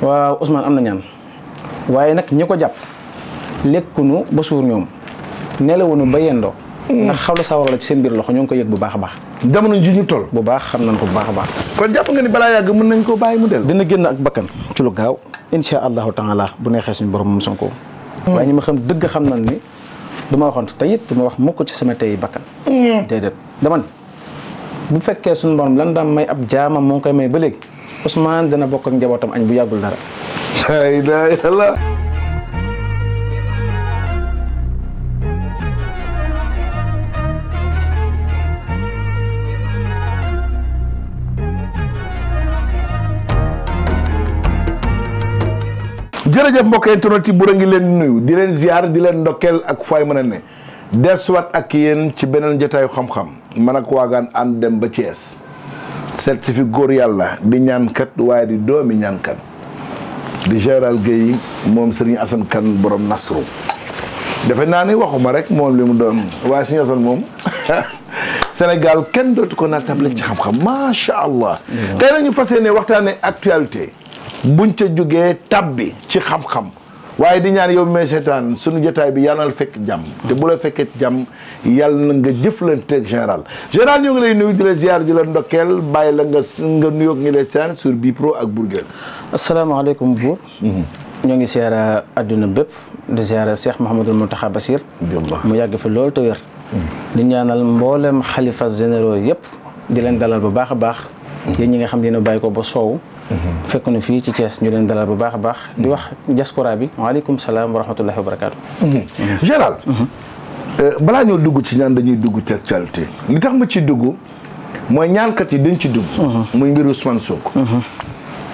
waaw Ousmane am na ñaan waaye nag ñi ko jàpp lekkunu ba suur ñoom nelawunu ba yendoo ndax xaw la sawar la ci seen biir loxo ñoo ngi ko yëg bu baax a baax jamono ji ñu toll bu baax xam nañ ko bu baax a baax kon jàpp nga ni balaa yàgg mën nañ koo bàyyi mu del dina génn ak bakkan ci lu gaaw insha allahu taala bu neexee suñu borom mu Sonko waaye ñi ma xam dëgg xam na ni du ma waxoon te it du ma wax mukk ci sama tey bakkan mm. déedéet dama bu fekkee suñu borom lan daan may ab jaamam moo koy may ba léegi Ousmane dana bokk ak njabootam añ bu yàggul dara. alhamdulilah. jërëjëf mbokk internet yi bu ngi leen nuyu di leen ziar di leen ndokkeel ak fay mën a ne dellusiwaat ak yéen ci beneen jotaayu xam-xam man ak waagaan ànd dem ba Thiès. seet góor yàlla di ñaankat waaye di doomi ñaankat di général Guèye moom sëriñ Assane Kane borom Nasru defe naa ni waxuma rek moom li mu doon waaye sëriñ Assane moom Sénégal kenn dootu ko naa table ci xam-xam macha allah. tey nañu fas yéene waxtaanee actualité buñ ca jógee tab bi ci xam-xam. waaye di ñaan yow bi may seetaan suñu jotaay bi yàlla na fekk jàmm te bu la fekkee jàmm yàlla na nga jëflanteeg général général ñu ngi lay nuyu di la ziar di la ndokkeel bàyyi la nga nga nuyoog ngi lay seetaan sur Bipro ak Bourguel asalaamaaleykum Bour mhm. ñoo ngi ziara uh, adduna bépp di ziara uh, Cheikh Mouhamadul Mountakha Bassir mu yàgg fi loolu te di ñaanal mboolem xalifa généraux yëpp di leen dalal bu baax a baax mhm. yéen ñi nga xam ne bàyyi ko ba soow fekk na fii ci Thiès ñu leen dalal bu baax a baax di wax diaspora bi waaleykum salaam wa rahmatullahi wa mhm. général euh, balaa ñoo dugg ci ñaan dañuy dugg ci actualité li tax ma ciy dugg mooy ñaankat yi dañ ci dugg mhm. muy mbir Ousmane Sonko mhm.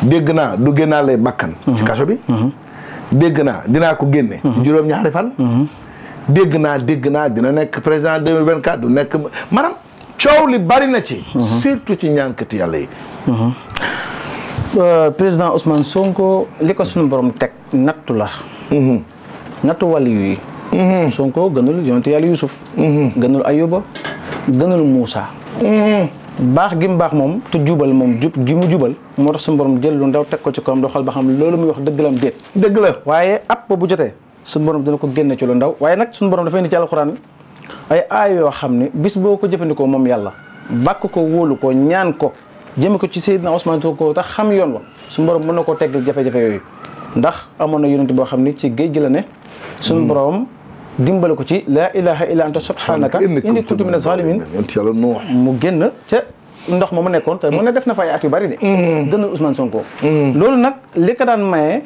dégg naa du génnaa lay bàkkan ci kaso bi dégg naa dinaa ko génne juróom-ñaari fan dégg naa dégg naa dina nekk président 2024 du nekk maanaam coow li bari na ci surtout ci ñaankat yàlla yi Euh, président Ousmane Sonko li ko suñu borom teg nattu la. Mhm. nattu wàllu yi. Mhm. Sonko gënul yonent yàlla Yusuf. Mhm. gënul Ayuba gënul Moussa. baax gi baax moom te jubal moom jub gi mu jubal moo tax suñu borom jël lu ndaw teg ko ci kawam doxal ba xam loolu muy wax dëgg la am déet. dëgg la waaye app bu jotee suñu borom dina ko génne ci lu ndaw waaye nag suñ borom dafay indi ci alxuraan ay aay yoo xam ne bis boo ko jëfandikoo moom yàlla bàkk ko wóolu ko ñaan ko. jëme ko ci Seydina Ousmane ko tax xam yoon wa suñu borom mën na koo teg jafe-jafe yooyu ndax amoon na yonent boo xam ni ci géej gi la ne suñu hmm. borom dimbale ko ci laa ilaha illa anta subhanaka inni kuntu mina zalimin mu génn ca ndox ma mu nekkoon te mu ne def na fa ay at yu bari de hmm. gënal Ousmane Sonko hmm. loolu nag li ko daan maye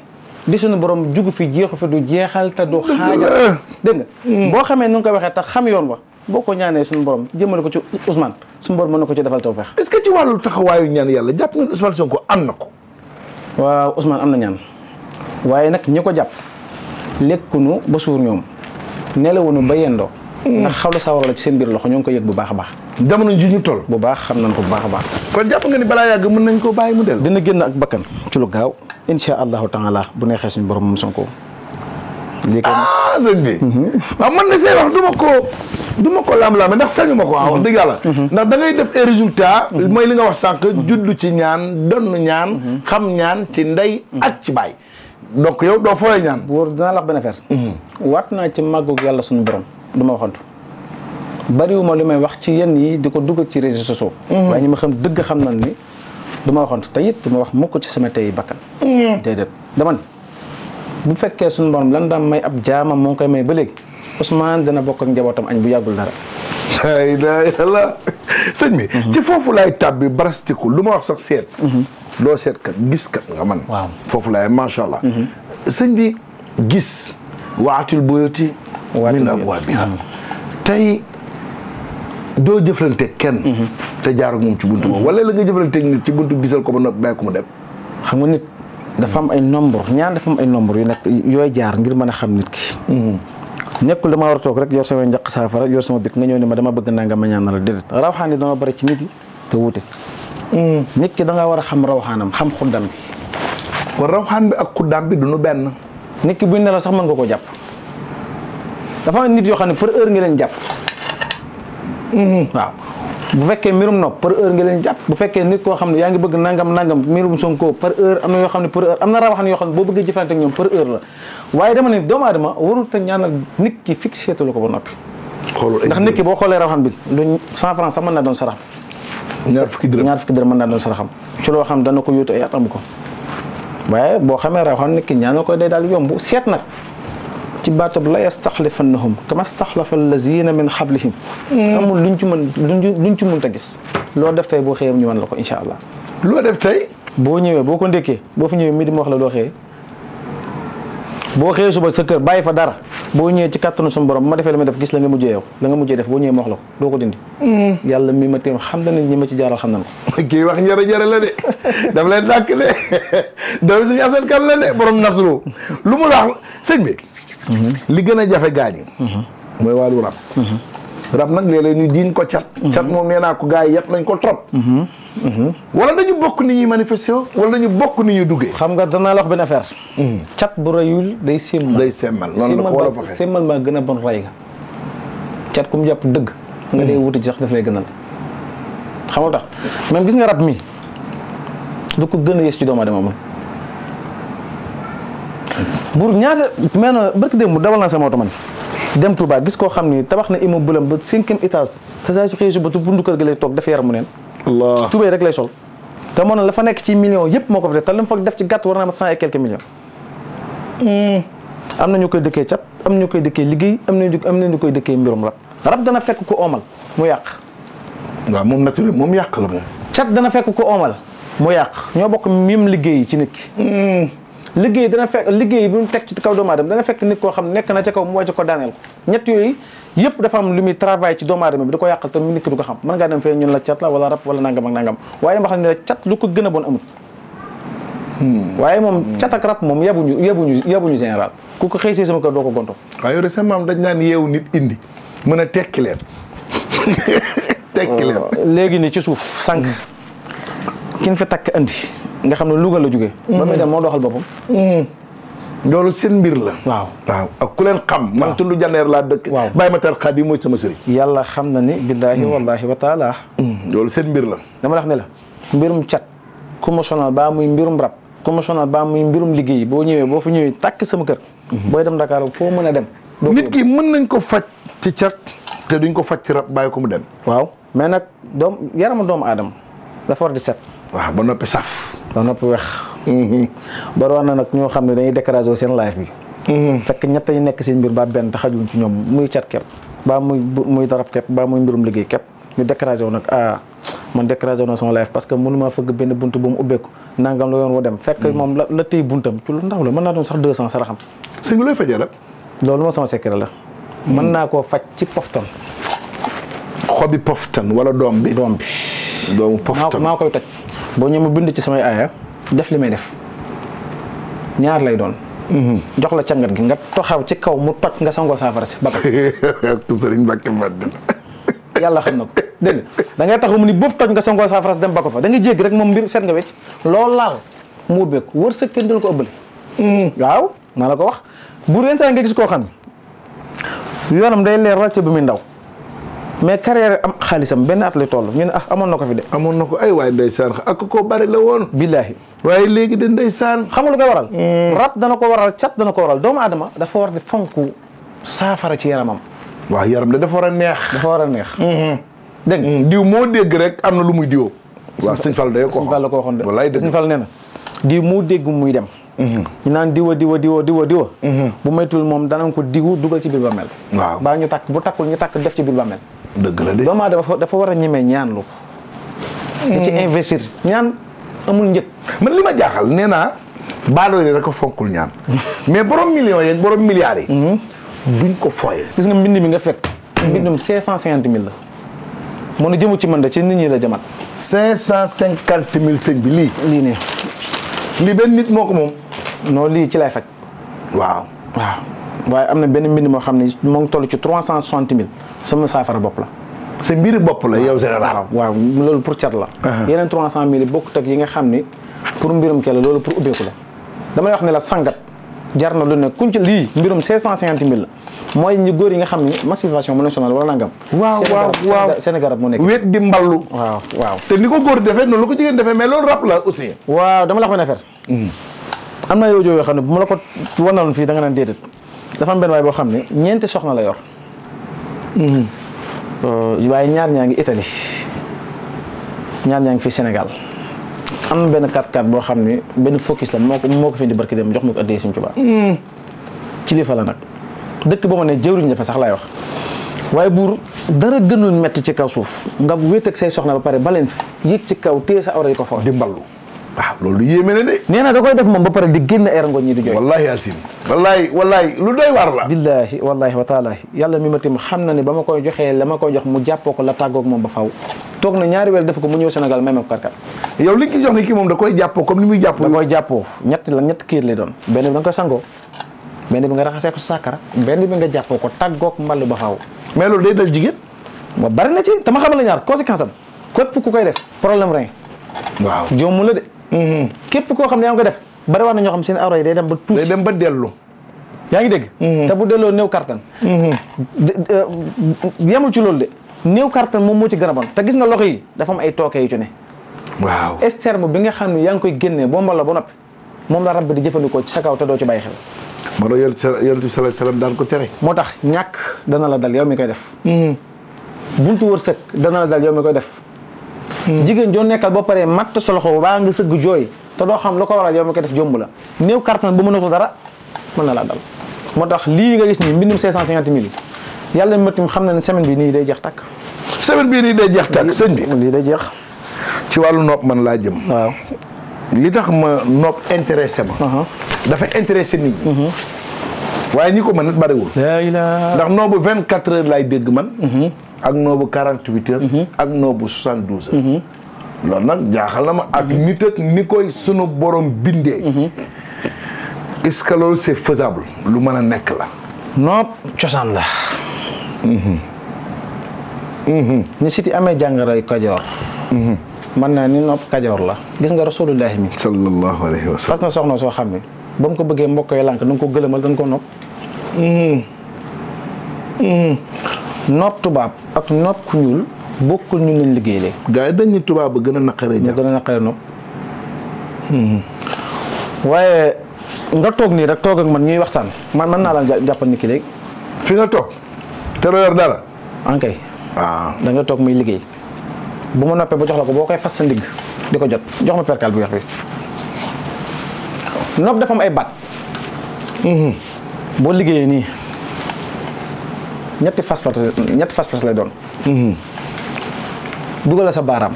di suñu borom jugu fi jeexu fi du jeexal te du xaajal dégg boo xamee nu nga ko waxee tax xam yoon wa boo ko ñaanee suñu borom jëmale ko ci Ousmane suñu borom mën na ko ci defal tawfeex. est-ce que ci wàllu taxawaayu ñaan yàlla jàpp ngeen Ousmane Sonko am na ko. waaw Ousmane am na ñaan waaye nag ñi ko jàpp lekkunu ba suur ñoom nelawunu ba yendoo mm. ndax xawla sawara la ci seen biir loxo ñoo ngi ko yëg bu baax a baax. jamono ji ñu toll. bu baax xam nañ ko bu baax baax. kon jàpp nga ni balaa yàgg mën nañ koo bàyyi mu dellu. dana génn ak bakkan ci lu gaaw incha allahu taala bu neexee suñu borom moom Sonko ah sëñ bi. waaw mhm. ah, man de say wax du ma ko du ma ko lam-lam ndax sañu ma ko ah wax dëgg yàlla. Mhm. ndax da ngay def ay résultat mhm. mooy li nga wax sànq juddu ci ñaan donn ñaan. xam ñaan ci ndey ak ci baay. donc yow doo fooy ñaan. wóor dinaa la wax benn waat naa ci màggug yàlla suñu borom du ma waxantu. bariwuma li may wax ci yenn yi di ko dugal ci réseaux sociaux. waaye ñi ma xam dëgg xam na ni du ma waxantu te it ma wax mukk ci sama tey bakkan. bu fekkee suñu borom lan daan may ab jaamam moom koy may ba léegi Ousmane dana bokk ak njabootam añ bu yàggul dara. sëñ bi. Mhm. ci foofu laay tàbbi barastiku lu ma wax sax seet. Mhm. loo seet kat gis kat foofu laay macha allah. Mhm. sëñ bi gis. waatul buyuti. min abwaabiha tey doo jëflante kenn. te jaar ak moom ci buntu boobu. wala la nga jëflanteeg nit ci buntu gisal ko ba noppi bàyyi ko mu dem. xam nit. dafa am ay nombre ñaan dafam ay nombre yu nekk yooy jaar ngir mën a xam nit ki. nekkul dama war a toog rek yor sama njaq saafara yor sama bik nga ñëw ne ma dama bëgg naa nga ma ñaanal déedéet rawxaan yi dama bari ci nit yi te wuute. nit ki war a xam rawxaanam xam xuddam bi. kon rawxaan bi ak xuddam bi du nu benn. nit ki bu ñu nelaw sax mën nga ko jàpp. dafa nit yoo xam ne pour heure nga leen jàpp. Hmm. bu fekkee mbirum nopp par heure nga leen jàpp bu fekkee nit koo xam ne yaa ngi bëgg nangam nangam mbirum Sonko par heure am na yoo xam ne par heure am na rawaxan yoo xam boo bëggee jëflante ñoom par heure la waaye dama ne doomu aadama warul ñaanal nit ki fixé tu la ko ba noppi ndax nit ki boo xoolee rawaxan bi duñ cent francs sax mën naa doon saraxam ñaar fukki dërëm ñaar fukki dërëm mën naa doon saraxam ci loo xam dana ko yóotu ay at amu ko waaye boo xamee rawaxan nit ki ñaanal ko day daal yomb seet nag ci baatab la yastaxlifannahum kama staxlafa allazina min xablihim hmm. amul luñ ci mën luñ ci mënta gis loo def tey boo xëyee ñu wan la ko incha allah loo def tey boo ñëwee boo ko ndékkee boo fi ñëwee midi ma wax la loo xëyee boo xëyee suba sa kër bàyyi fa dara boo ñëwee ci kàttanu suñu borom ma defee la ma def gis la nga mujjee yow la nga mujjee def boo ñëwee ma wax la ko doo ko dindi hmm. yàlla mi ma téem xam na ne ñi ma ci jaaral xam nañ ko kii wax njëre njëre la de daf leen dàkk de doomi suñu asan kan la de borom nasru lu mu wax li gën a jafe gaañi mooy wàllu rab rab nag léeg-léeg ñu ko cat cat moom nee naa ko gaa yi yat nañ ko trop wala dañu bokk ni ñuy manifesté wala dañu bokk ni ñuy duggee xam nga danaa la wax benn affaire hmm. cat bu rayul day semmal day semmal noonu la ko war maa gën a bon ray nga cat ku mu jàpp dëgg nga dee hmm. wuti ci sax daf lay gënal xamul tax même gis nga rab mi lu ko gën a yées ci doomu aadama moom buur ñaata mais na barki démb dawal naa sama oto man dem Touba gis koo xam ni tabax na immeuble am ba cinquième étage te saa su xëyee suba tu bundu kër gi lay toog dafa yar mu neen Allah tubéy rek lay sol te moo la fa nekk ci millions yëpp moo ko fa def te lu mu fa def ci gàtt war naa mat cent et quelques millions hmm. am na ñu koy dëkkee cat am na ñu koy dëkkee liggéey am na ñu am na ñu koy dëkkee mbirum rab rab dana fekk ko oomal mu yàq waaw moom naturel moom yàq la moom cat dana fekk ko oomal mu yàq ñoo bokk même liggéey ci nit ki hmm. liggéey dana fekk liggéey bi mu teg ci kaw doomu aadama dana fekk nit koo xam nekk na ca kaw mu wàcc ko daaneel ko ñett yooyu yëpp dafa am lu muy travail ci doomu aadama bi da ko yàqal te nit ki du ko xam mën ngaa dem fee ñun la cat la wala rab wala nangam ak nangam waaye dama xam ne la cat lu ko gën a bon amul hmm. waaye moom hmm. cat ak rab moom ñu yabuñu ñu général ku ko xëy see sama kër doo ko gonto waaye yow sama maam dañ naan yeewu nit indi mën a tekki leen léegi ni ci suuf sànq hmm. kin fi takk andi nga xam ne Louga la jógee. ba muy dem moo doxal boppam. Mm-hmm. loolu seen mbir la. waaw waaw ak ku leen xam. man tund janeer laa dëkk. waaw bàyyi ma tar xaat xam na ni. billaahi mm-hmm. wallaahi mm-hmm. seen mbir la. dama wax la mbirum cat ku ma baa muy mbirum rab ku ma sonal baa liggéey boo ñëwee boo fu ñëwee tàkk sama kër. booy dem Dakar foo mën a dem. nit ki mën nañ ko faj ci cat te duñ ko faj ci rab bàyyi ko mu dem. waaw mais nag doom yaramu doomu aadama dafa war set. waaw ba noppi saf. ba noppi wex mhm. na nag ñoo xam ne dañuy décraser wu seen live bi mhm. fekk ñett yi nekk seen mbir ba benn taxajuñ ci ñoom muy cat kepp ba muy muy darab kepp ba muy mbirum liggéey kepp ñu décraser wu nag ah man décraser wu na sama live parce que mënu maa fëgg benn bunt bu mu ubbeeku nangam la yoon wu dem fekk mhm. moom la la téy buntam la mën naa doon sax deux cent saraxam sëñ bi lay fajee la loolu moo sama secret la mën naa koo faj ci poftan xobi poftan wala doom bi doom bi doomu poftan maa koy toj boo ñëw ma bind ci samay aaya def li may def ñaar lay doon. Mhm. jox la cangat gi nga toxaw ci kaw mu toj nga sangoo saafara si bakka. sëriñ Mbacke xam na ko nga taxaw mu ni boof toj nga sangoo saafara dem bakko fa da nga jéggi rek moom mbir seet nga wecc loolu laal mu ubbeeku wër sa kenn dul ko ëbbale. Mhm. waaw maa la ko wax bu ren saa nga gis koo xam ne yoonam day leer ràcc ba muy ndaw. mais carrière am xaalisam benn at la toll ñu ne ah amoon na ko fi de. amoon na ko ay waaye ndeysaan ak ko bari la woon. billaahi waaye léegi de ndeysaan. xam nga lu koy waral. Hmm. rab dana ko waral cat dana ko waral doomu aadama dafa war di fonku saafara ci yaramam. waaw yaram de dafa war a neex. dafa war a neex. Hmm. dégg nga hmm. diw moo dégg rek am na lu muy diwoo. waaw Sëñ Fall dayoo ko waxoon la ko waxoon de. wallaay dëgg Sëñ Fall nee na diw moo muy dem. ñu naan diwa diwa diwa diwa diwa. bu maytul moom danañ ko diwu dugal ci biir bàmmeel. waaw baa ñu takk bu takkul ñu takk def ci biir bàmmeel dëgg la de doomu aadama dafa war a ñemee ñaan lu ko. ci hmm. investir ñaan amul njëg. man li ma jaaxal nee naa baadoo yi rek a fonkul ñaan mais borom millions yeeg borom milliards yi. Hmm. duñ ko foyee. gis nga mbind mi nga fekk. Hmm. mbindum cinq cent cinquante mille la. mu ne jëmu ci man da ci nit ñi la jëmat. cinq cent cinquante mille sëñ bi lii. lii ne lii benn nit moo ko moom. non lii ci lay faj. waaw. waaye am na benn mbind moo xam ne moo ngi toll ci trois cent soixante mille sama saafara bopp la. sa mbiri bopp la yow général. waaw loolu pour cat la. yeneen trois cent mille bokkut ak yi nga xam ne pour mbirum kii la loolu pour ubbeeku la damay wax ne jar na lu ne kuñ ci lii mbirum cinq mooy ñu góor yi nga xam ne massification mu national wala nangam. waaw waaw waaw seen garab mu nekk. wet di mballu. waaw waaw. te ko góor defee noonu la ko jigéen defee mais loolu rap la aussi. waaw dama la wax benn affaire. Hmm. am na yoo joo yoo xam ne bu ma la ko wanaloon fii danga nga naan déedéet dafa am benn waay boo xam ne ñeenti soxna la yor. Mhm. Euh, waaye ñaar ñaa ngi Italie ñaar ñaa ngi fi senegal am na benn 4 x boo xam ne benn focus la moo ko moo ko fi indi barki dem jox ma ko addee suñ Tuubaa. Mhm. kilifa la nag dëkk boo ma ne jëwriñ la fa sax laay wax waaye buur dara gënul metti ci kaw suuf nga wéet ak say soxna ba pare baleen fi yéeg ci kaw téye sa awra yi ko fa waaw loolu yéeme na de. nee na da koy def moom ba pare di génn ay rangoñ di jooy. wallaahi asim wallaahi wallaahi lu doy waar la. billaahi wallaahi wa yàlla mi ma tim xam na ne ba ma koy joxee la ma koy jox mu jàppoo ko la tàggoog moom ba faw ko mu ñëw Sénégal may ma da koy jàppoo comme ni muy jàppoo. da koy jàppoo ñett la ñett kiir lay doon. benn bi da benn bi nga raxasee ko sàkkara benn bi nga jàppoo ko tàggoog mbalu ba faw mais loolu day dal jigéen. ba bari na ci te ma xamal la ñaar conséquence am képp ku koy def problème rein waaw la de képp koo xam ne yaa ngi ko def bari wax na ñoo xam seen awra yi day dem ba tuuti day dem ba dellu yaa ngi dégg mm-hmm. te bu delloo néew kartan mm-hmm. euh, yemul ci loolu de new kartan moom moo ci gën a te gis nga loxo yi dafa am ay tooke yu ci ne waaw esterme bi nga xam ne yaa ngi koy génnee boo mbal la ba noppi moom la rab bi di jëfandikoo ci sa kaw te doo ci bàyyi xel moo tax yonent bi sallallahu alayhi wasallam ko tere moo tax ñàkk dana la dal yow mi koy def mm-hmm. buntu wërsëg dana la dal yow mi koy def jigéen joo nekkal ba pare matt sa loxo baa nga sëgg jooy te doo xam lu ko waral yow mi ko def jomb la néew kartan ba mën a ko dara mën na laa dal moo tax lii nga gis nii mbindum 550 mille yàlla matim xam na ne semaine bi nii day jeex takk semaine bii nii day jeex takk sëñ bi lii day jeex ci wàllu nopp man laa jëm waaw li tax ma nopp intéressé ma uh-huh. dafa intéressé nit ñi uh-huh. waaye ñi ko mën it bariwul ndax noobu vingt quatre heures laay dégg man uh-huh. ak noobu 48 heures. Mhm. ak noobu 72 heures. Mhm. loolu nag jaaxal na ma ak mhm. nit ak ni koy sunu borom bindee. est-ce que loolu c'est faisable lu mën a nekk la. non cosaan la. ni siti amee jàngoroy kajoor. man naa ni nopp kajoor la. gis nga rasulullahi mi. sallallahu alayhi wa sallam fas na soxna soo xam ne ba mu ko bëggee mbokk yi lànk da nga ko gëlëmal da nga ko nopp. noot tubaab ak noot ku ñuul bokkul ñu leen liggéeyee. gars yi dañ ñu tubaab ba gën a naqaree. ñu gën a naqaree nopp. Hmm. waaye nga toog nii rek toog ak man ñuy waxtaan man mën naa la jàppal ni ki léegi. fii nga toog. te doo yor dara. ankay. waaw ah. da toog muy liggéey. bu ma noppee ba jox la ko boo koy fas sa ndigg di ko jot jox ma percal bu weex bi. nopp dafa ay baat. Hmm. boo liggéeyee nii. ñetti fas fas ñetti lay doon. Mhm. dugalal sa baaraam.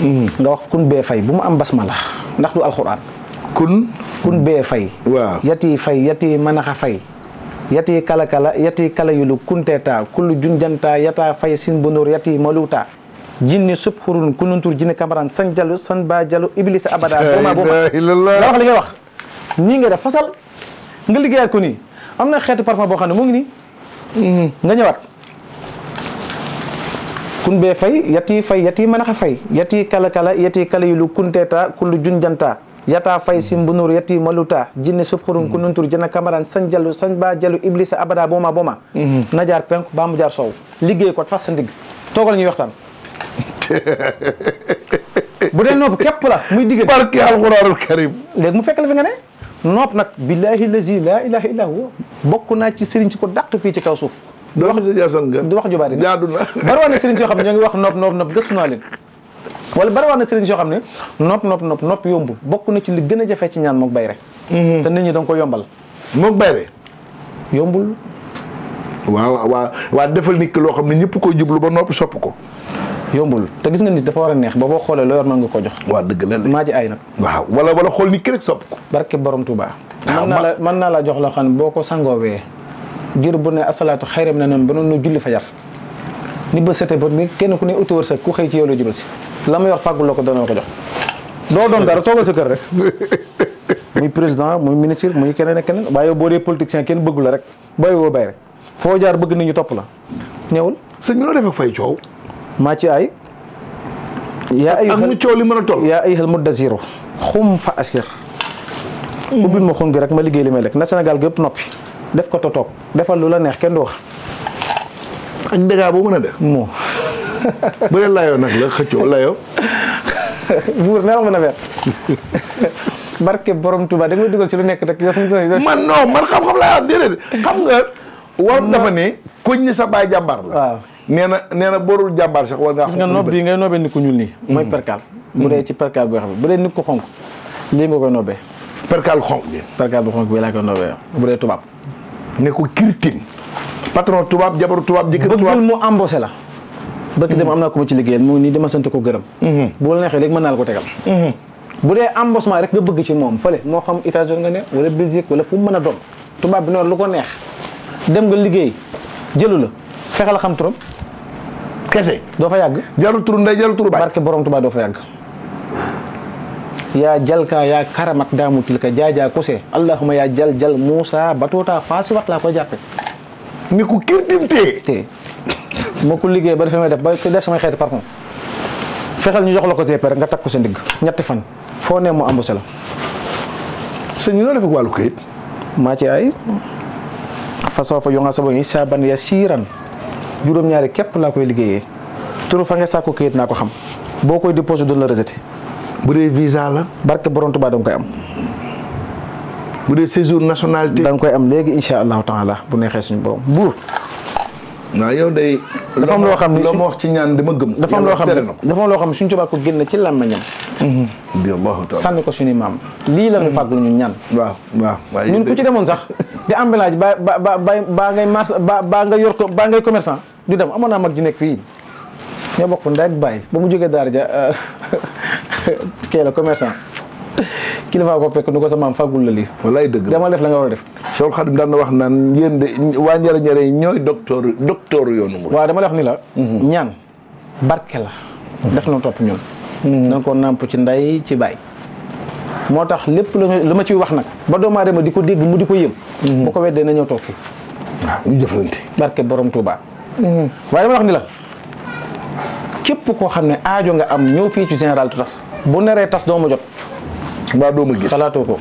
Mhm. nga wax kun bee fay bu mu am basmala ndax du alxuraan. kun. kun bee fay. waaw yati fay yati manaxa fay. yati kala kala yati kala yulu kunteeta kullu junjanta yata fay sin bonor yati maluta jinni sub xurun kununtur jinni kamaran san jalu san ba jalu iblisa abada vraiment boo nga wax li nga wax na xeetu parfum boo xam ne mu ngi nii nga ñëwaat kun bee fay yati fay yati mën axa fay yati kala kala yati kala yulu kunteta junjanta yata fay si mbunur yati maluta jinne subxurun kununtur jëna kamaran sañ jallu sañ ba jallu iblisa abada booma booma mhm. na jaar penk mu jaar soow liggéey ko fas sa ndigg toogal ñuy waxtaan bu dee nopp képp la muy digg barke mu fekk la fi ne nopp nag billahi lazi laa ilaha illa huwa bokk naa ci sëriñ si ko dàq fii ci kaw suuf di wax di wax ju bari jaadu na bari woon na sëriñ yoo xam ne ñoo ngi wax nopp nopp naa leen wala bari woon na sëriñ yoo xam ne nopp nopp nopp nopp yombul bokk na ci li gën a jafe ci ñaan mook bay rek mm-hmm. te nit ñi da nga ko yombal mook bay yombul waaw waaw waaw defal nit ki loo xam ne ñëpp koy jublu ba noppi sopp ko yombul te gis nga nit dafa war a neex ba xoolee loo yor mën nga ko jox waaw dëgg la maa ci ay nag waaw wala wala xool ni kërek sopp ko barke borom Touba ah, mën naa la mën naa la jox loo xam ne boo ko sangoowee jur bu ne asalaatu xayram na noonu ba noonu julli fajar ni ba sete ba kenn ku ne uti wërsëg ku xëy ci yow la jubal la ma yor fàggul ko dana la ko jox doo doon dara sa kër rek muy président muy ministre muy keneen ak keneen waaye boo dee politicien kenn bëggula la rek booy woo bay rek foo jaar bëgg nañu topp la ñëwul sëñ bi noo def fay coow maa ci ay. yaa ay ak mu coow li mën a toll. yaa ay xel mu dasiru xum fa asir. ubbil ma xum gi rek ma liggéey li may lekk na Sénégal gépp noppi def ko totoog defal lu la neex kenn du wax. ak dégâts boo mën a def. moom. bu dee layoo nag la xëccoo layoo. buur ne barke borom Touba da nga dugal ci lu nekk rek. man non man xam-xam laa yor déedéet xam nga. wolof dafa ne kuñ ni sa baay jàmbaar la. waaw nee na nee na borul jàmbaar sax war ngaa. gis nga nob bi ngay noobee nit ku ñuul nii. Mm-hmm. mooy percal. bu dee ci percal boo xam ne bu dee nit ku xonk lii nga koy noobee. bu xonk bi laa koy noobee bu dee tubaab. ne ko kirtin. patron tubaab jabaru tubaab la. bëgg dem am naa ma ci liggéeyal mu ngi nii dama sant ko gërëm. Mm-hmm. bu la neexee léegi mën naa la ko tegal. Mm-hmm. bu dee embauchement rek nga bëgg ci moom fële moo xam États-Unis nga ne wala Belgique wala fu mën a doon tubaab bi noonu lu ko neex dem nga liggéey jëlu la fexe la xam turam. kese doo fa yàgg. jarul turu ndey jarul turu baay. barke borom Tuubaa doo fa yàgg. yaa jalka yaa karamat daamu tilka jaajaa kose allahuma yaa jal jal Muusa batootaa faasi wax laa koy jàppe ni ku kirtim tee tee liggéey ba defee may def ba ko def samay xeeti parfum fexeel ñu jox la ko GPR nga takk ko sa ndigg ñetti fan foo ne mu embauché la sëñ ñu noo def ak wàllu maa ci ay fa soo fa yonga sa boog hisaaban yasiiran juróom-ñaari képp laa koy liggéeyee turu fa nga sàkku kayit naa ko xam boo koy dépose du la rejeté. bu dee visa la. barke borom Tuubaa da nga koy am. bu dee séjour nationalité. da nga koy am léegi incha allahu taala bu neexee suñu borom buur. waaw yow day. dafa am loo xam ne loo ma wax ci ñaan dama gëm. dafa loo xam ne dafa am loo xam ne suñ tubaab ko génne ci làmmiñam. bi Allahu taala sànni ko suñu maam. lii la ñu mm. fàggul ñun ñaan. waaw waaw waaye ñun ku ci demoon sax. di emballage ba ba ba ba ngay mas baa ba nga yor ko ba ngay commerçant di dem amoon naa mag ji fii. ñoo bokk ndey ak baay ba mu jógee daara ja euh, kee la kilifa ko fekk ni ko sa maam fàggul la lii. wallaay dëgg dama def la nga war a def. Cheikh Khadim daan na wax naan yéen de waa Njare Njare ñooy docteur docteur yoonu mu. ni la. Mhm. ñaan barke la. def na topp ñun. Mhm. na ko ci nday ci baay. moo tax lépp lu ma ciy wax nag. ba doomu aadama di ko dégg mu di ko yëm. Mhm. ko weddee na ñëw toog fi waaw ah, ñu jëflante. barke borom Touba. waaye koo xam ne aajo nga am ñëw fii ci général tas bu neree tas doo ma jot. mbaa doo ma gis xalaatoo ko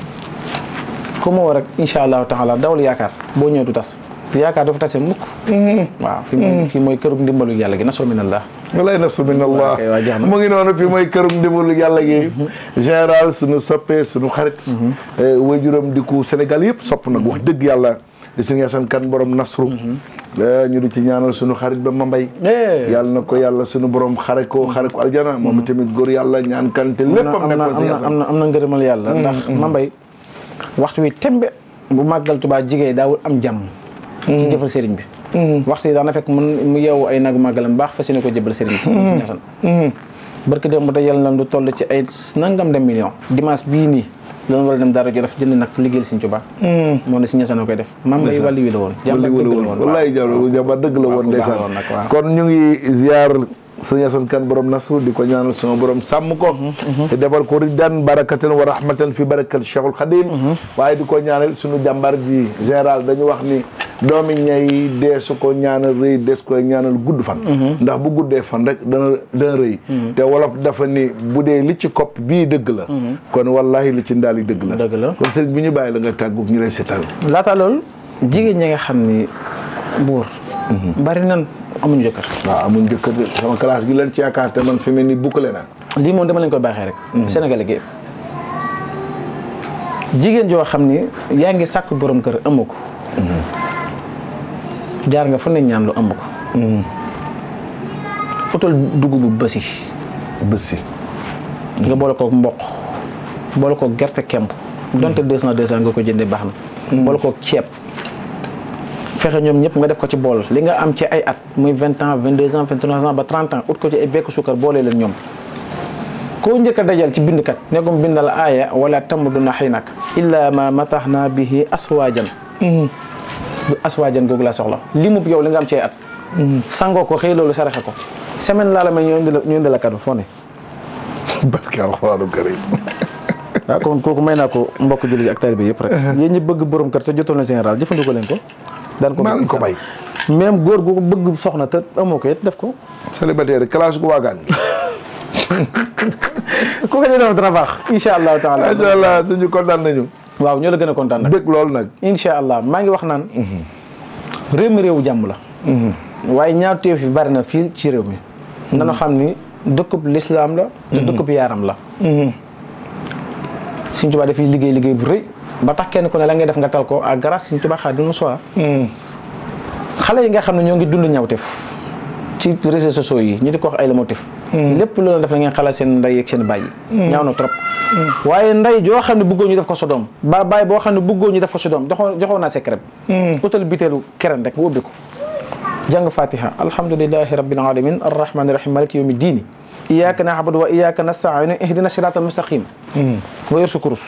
ku rek incha allahu taala dawal yaakaar boo ñëwee du tas yaakaar dafa tase mukk mm-hmm. waaw fi mm-hmm. fii mooy kërug ndimbalu yàlla gi nasul minallah walay nasul minallah mu ngi noonu fii mooy kërug ndimbalu yàlla gi mm-hmm. général suñu soppee suñu xarit eh, waajuram di ko Sénégal yëpp sopp nag wax dëgg yàlla di sëñ Assane kan borom nasru mm-hmm. eh, ñu di ci ñaanal suñu xarit ba ma mbay eh. yàlla na ko yàlla sunu borom xare ko xare ko aljana mm-hmm. moom tamit góor yàlla ñaan kante léppam nekkoon sëñ Assane am na am na ngërëmal yàlla mm-hmm. ndax ma mbay waxtu wi tembe bu màggal Tuubaa jigéen daawul am jàmm ci jëfal sëriñ bi waxtu yi daana fekk mën mu yeewu ay nagu màggalam baax fas yéene ko jëbal sëriñ bi sëñ Assane barke dem ba dajal na lu toll ci ay nangam de million dimanche bii nii dana war a dem daara Jolof jënd nag liggéeyal Sëriñ Tuubaa hmm. moo ne si ñasa na koy def maam lay wàlli wi la woon jàmbaar dëgg la woon wallaay jàmbaar dëgg la woon ndeysaan kon ñu ziar sëñ Asan Kan borom nasu di ko ñaanal sama borom sàmm ko hmm, hmm. te defal ko riddan barakatan wa rahmatan fi barakat Cheikhul Khadim waaye di ko ñaanal suñu jàmbaar ji général dañu wax ni doomi ñay dee su ko ñaanal rëy des ko ñaanal gudd fan mhm. ndax bu guddee fan rek dana dana rëy mhm. te wolof dafa ni bu dee li ci kopp bii dëgg la mhm. kon wallahi li ci ndaal yi dëgg la dëgg la kon sëriñ bi ñu bàyyi la nga tàggug ñu lay seetal laata loolu jigéen ñi nga xam ni buur bari nan amuñu jëkkër waaw amuñu jëkkër sama classe gi leen ci yaakaar te man fi mel ni bukkale na lii moom dama leen koy baaxee rek sénégalais gi jigéen joo xam ni yaa ngi sàkk boroom kër amu ko jaar nga fu ne ñaan lu ëmb ko. Hmm. utal dugubu bësi. bësi. nga boole kook mboq. boole koog gerte kemb. donte deux cent deux cent nga ko jëndee baax na. Hmm. boole koog ceeb. fexe ñoom ñëpp nga def ko ci bool li nga am ci ay at muy vingt ans vingt deux ans vingt trois ans ba trente ans ut ko ci ay bekk suukar boole leen ñoom. koo njëkk dajal ci bindkat ne ko bindal aaya wala tam duna xëy nag. illaa ma matax naa bihi aswaajan hmm. aswaajan googu laa soxla li mu yow li nga am cee at. Mm. sangoo ko xëy loolu saraxe ko semaine laa la may ñu indi la ñu indi barke alxuraanu karim. waaw ah, kon kooku may naa ko mbokk jullit ak taalibe yëpp rek. Eh. yéen ñi bëgg borom kër te jotoon na général jëfandikoo leen ko. daan ko ko bay même góor gu bëgg soxna te amoo ko it def ko. célibataire classe gu waagaan. ku ko ñu def dana baax. allah suñu kontaan nañu. waaw ñoo la gën a kontaan nag bëgg loolu nag. incha allah maa ngi wax naan. réew mi réewu jàmm la. waaye ñaaw teef yi bari na fii ci réew mi. na xam ni dëkkub lislaam la. te dëkkub yaaram la. Sëñ Tuubaa dafiy liggéey liggéey bu rëy. ba tax kenn ko ne la ngay def nga tal ko à grâce Sëñ Tuubaa Xaadimu Rasuul. xale yi nga xam ne ñoo ngi dund ñaawteef. ci réseaux sociaux yi ñu di ko wax ay la motif mm. lépp loolu def na ngeen xalaat seen ndey ak seen bàyyi mm. ñaaw na trop mm. waaye ndey joo xam ne bëggoo ñu def ko sa doom ba bàyyi boo xam ne bëggoo ñu def ko sa doom joxoon joxoon naa secret utal biteelu keren rek nga ubbi maliki yawmi diini iyyaka na'budu wa iyyaka nasta'in ihdina siratal mustaqim nga yor sa kurus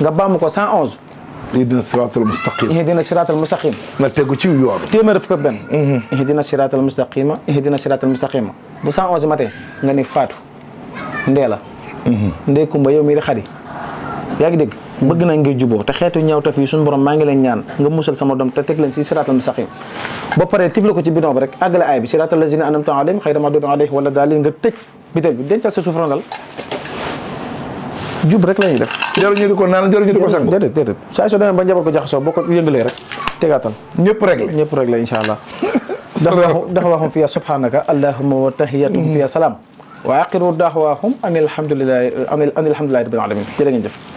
nga bàmm ko 111 ihdina siraatal mustaqim ihdina siraatal mustaqim nga tegu ci yoon téeméer fukk ak benn ihdina siraatal mustaqima ihdina siraatal mustaqima bu 111 matee nga ne Fatou Ndéla Ndey Kumba yow mii di xari yaa ngi dégg bëgg naa ngay juboo te xeetu ñaaw taf yi suñu maa ngi la ñaan nga musal sama doom te teg leen si siraatal mustaqim ba pare tifle ko ci bidon bi rek àggale aay bi siraatal lazina anamta alayhim xayri maxduubi alayhim nga tëj bi dencal sa suuf rondal jub rek la ñuy def. jarul ñu di ko naan jarul ñu di ko sang. déedéet déedéet saa soo demee ba njaboot ko jaxasoo boo ko yëngalee rek tegaatal. ñëpp rek la ñëpp rek la incha allah. dax waxum fiya subhanaka allahumma wa tahiyatuhum fiya salaam. wa aqiru daxwaahum an alhamdulilahi an alhamdulilahi rabbil alamin jërë ngeen jëf.